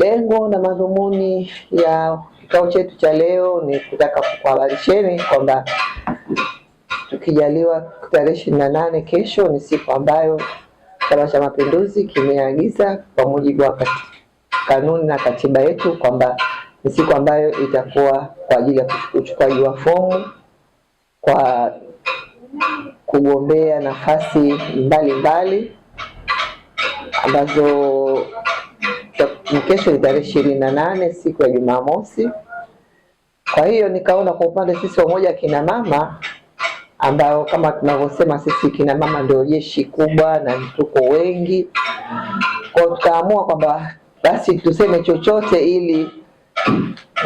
Lengo na madhumuni ya kikao chetu cha leo ni kutaka kukuhabarisheni kwamba tukijaliwa, tarehe ishirini na nane kesho ni siku ambayo Chama cha Mapinduzi kimeagiza kwa mujibu wa kanuni na katiba yetu kwamba ni siku ambayo itakuwa kwa ajili ya uchukuaji wa fomu kwa kugombea nafasi mbalimbali ambazo kesho ni tarehe ishirini na nane siku ya Jumamosi. Kwa hiyo nikaona kwa upande sisi wamoja kina mama ambao kama tunavyosema sisi kina mama ndio jeshi kubwa na tuko wengi, kwa tukaamua kwamba basi tuseme chochote ili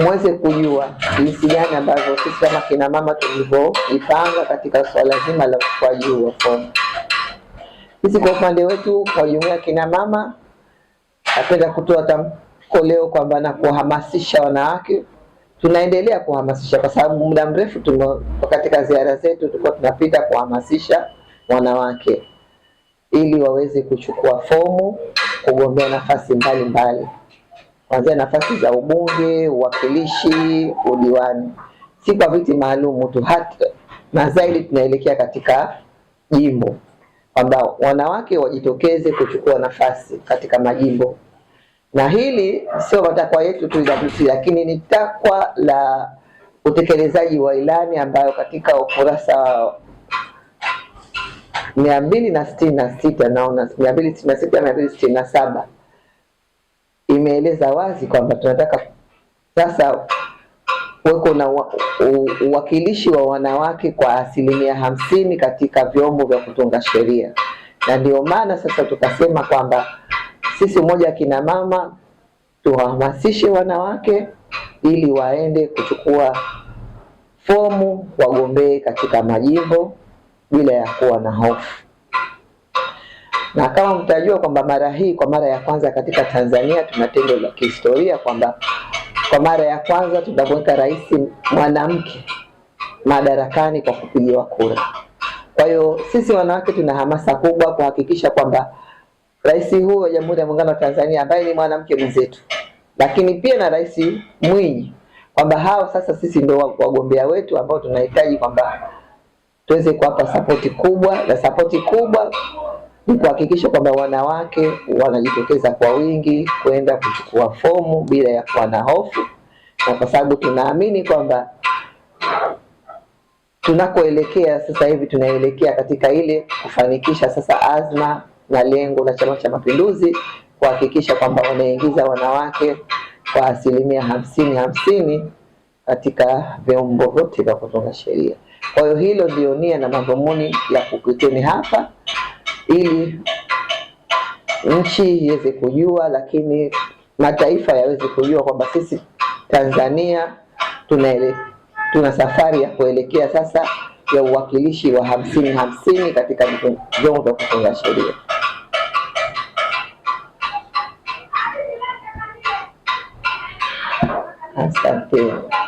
mweze kujua jinsi gani ambavyo sisi kama kina mama tulivyojipanga katika swala zima la uchukuaji wa fomu. Sisi kwa upande wetu kwa jumuiya kina mama Napenda kutoa tamko leo kwamba na kuhamasisha wanawake, tunaendelea kuhamasisha kwa sababu muda mrefu tumo, katika ziara zetu tulikuwa tunapita kuhamasisha wanawake ili waweze kuchukua fomu kugombea nafasi mbalimbali, kuanzia nafasi za ubunge, uwakilishi, udiwani, si kwa viti maalumu tu, hata na zaidi tunaelekea katika jimbo kwamba wanawake wajitokeze kuchukua nafasi katika majimbo, na hili sio matakwa yetu tu lakini ni takwa la utekelezaji wa ilani ambayo katika ukurasa mia mbili na sitini na sita naona mia mbili sitini na sita mia mbili sitini na saba imeeleza wazi kwamba tunataka sasa kuweko na uwakilishi wa wanawake kwa asilimia hamsini katika vyombo vya kutunga sheria, na ndio maana sasa tukasema kwamba sisi Umoja wa Kina Mama tuwahamasishe wanawake ili waende kuchukua fomu wagombee katika majimbo bila ya kuwa na hofu. Na kama mtajua kwamba mara hii kwa mara ya kwanza katika Tanzania tuna tendo la kihistoria kwamba kwa mara ya kwanza tutamweka rais mwanamke madarakani kwa kupigiwa kura. Kwa hiyo sisi wanawake tuna hamasa kubwa kuhakikisha kwamba rais huu wa Jamhuri ya Muungano wa Tanzania ambaye ni mwanamke mwenzetu, lakini pia na rais Mwinyi, kwamba hao sasa sisi ndio wagombea wetu ambao tunahitaji kwamba tuweze kuwapa sapoti kubwa na sapoti kubwa ni kuhakikisha kwamba wanawake wanajitokeza kwa wingi kwenda kuchukua fomu bila ya kuwa na hofu, na kwa sababu tunaamini kwamba tunakoelekea sasa hivi tunaelekea katika ile kufanikisha sasa azma na lengo la Chama cha Mapinduzi kuhakikisha kwamba wanaingiza wanawake kwa asilimia hamsini hamsini katika vyombo vyote vya kutunga sheria. Kwa hiyo hilo ndio nia na madhumuni ya kukuteni hapa ili nchi iweze kujua, lakini mataifa yaweze kujua kwamba sisi Tanzania tuna, tuna safari ya kuelekea sasa ya uwakilishi wa hamsini hamsini katika vyombo vya kutunga sheria. Asante.